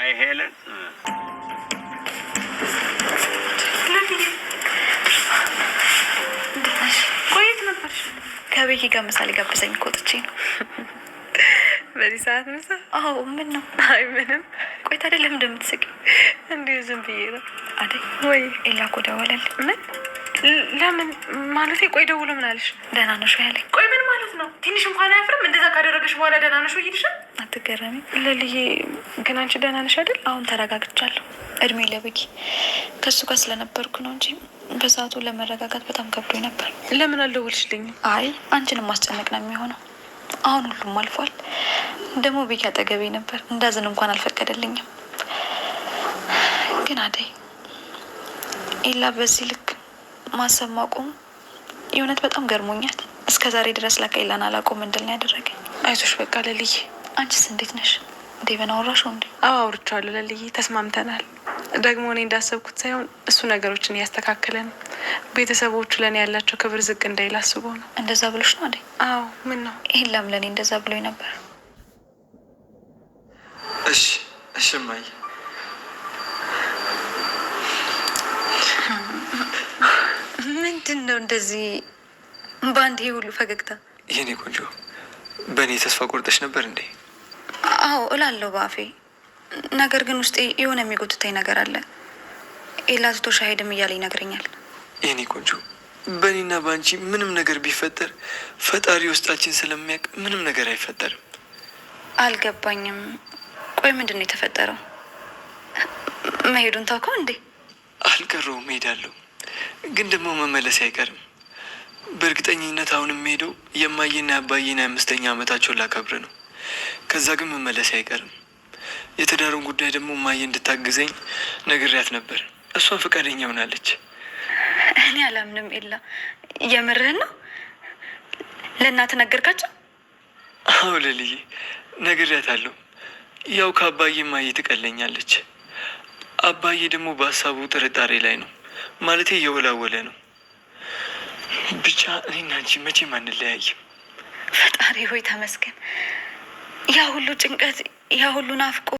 አይ ሄለን ቆየት ነበርሽ? ከቤኪ ጋር ምሳሌ ጋብዘኝ እኮ ነው። በዚህ ሰዓት ምሳ? አዎ። ምን ነው? አይ ምንም። ቆይ አይደለም ለምን እንደምትስቂ? እንዲሁ ዝም ብዬ ነው። አደይ ወይ ኤላ እኮ ደወለልኝ። ምን ለምን ማለት ቆይ፣ ደውሎ ምን አለሽ? ደህና ነሽ ያለኝ። ቆይ ምን ማለት ነው? ትንሽ እንኳን አያፍርም? እንደዛ ካደረገሽ በኋላ ደህና ነሽ ይልሻል። አትገረሚ ለልዬ። ግን አንቺ ደህና ነሽ አይደል? አሁን ተረጋግቻለሁ። እድሜ ለብጊ ከእሱ ጋር ስለነበርኩ ነው እንጂ በሰዓቱ ለመረጋጋት በጣም ከብዶ ነበር። ለምን አልደወልሽልኝም? አይ አንቺን ማስጨነቅ ነው የሚሆነው። አሁን ሁሉም አልፏል። ደግሞ ቤኪ አጠገቤ ነበር፣ እንዳዝን እንኳን አልፈቀደልኝም። ግን አደይ ኢላ በዚህ ልክ ማሰብ ማቆሙ የእውነት በጣም ገርሞኛል። እስከ ዛሬ ድረስ ለከይላን አላቆም እንድል ነው ያደረገኝ። አይዞሽ በቃ ለልዬ። አንቺስ እንዴት ነሽ? በና አወራሽው እንዴ? አዎ አውርቼዋለሁ ለልዬ፣ ተስማምተናል። ደግሞ እኔ እንዳሰብኩት ሳይሆን እሱ ነገሮችን እያስተካከለ ነው። ቤተሰቦቹ ለእኔ ያላቸው ክብር ዝቅ እንዳይል አስቦ ነው። እንደዛ ብሎች ነው እንዴ? አዎ። ምን ነው ይህን ላም ለእኔ እንደዛ ብሎኝ ነበር። እሺ እሺ እማዬ ምንድን ነው እንደዚህ በአንድ ይሄ ሁሉ ፈገግታ? የኔ ቆንጆ በእኔ ተስፋ ቆርጠሽ ነበር እንዴ? አዎ እላለሁ በአፌ ነገር ግን ውስጤ የሆነ የሚጎትተኝ ነገር አለ። ኤላትቶ ሻሄድም እያለ ይነግረኛል። የኔ ቆንጆ በእኔና በአንቺ ምንም ነገር ቢፈጠር ፈጣሪ ውስጣችን ስለሚያውቅ ምንም ነገር አይፈጠርም። አልገባኝም። ቆይ ምንድን ነው የተፈጠረው? መሄዱን ታውከው እንዴ? አልቀረውም፣ እሄዳለሁ ግን ደግሞ መመለስ አይቀርም። በእርግጠኝነት አሁን የምሄደው የማየና አባዬን አምስተኛ ዓመታቸውን ላከብር ነው። ከዛ ግን መመለስ አይቀርም። የትዳሩን ጉዳይ ደግሞ ማየ እንድታግዘኝ ነግሬያት ነበር። እሷን ፈቃደኛ ሆናለች። እኔ አላምንም። ኤላ የምርህን ነው? ለእናት ነገርካቸው? አዎ ልልዬ አለሁ። ያው ከአባዬ ማየ ትቀለኛለች። አባዬ ደግሞ በሀሳቡ ጥርጣሬ ላይ ነው። ማለት እየወላወለ ነው። ብቻ እኔና አንቺ መቼም አንለያይም። ፈጣሪ ሆይ ተመስገን። ያ ሁሉ ጭንቀት፣ ያ ሁሉ ናፍቆ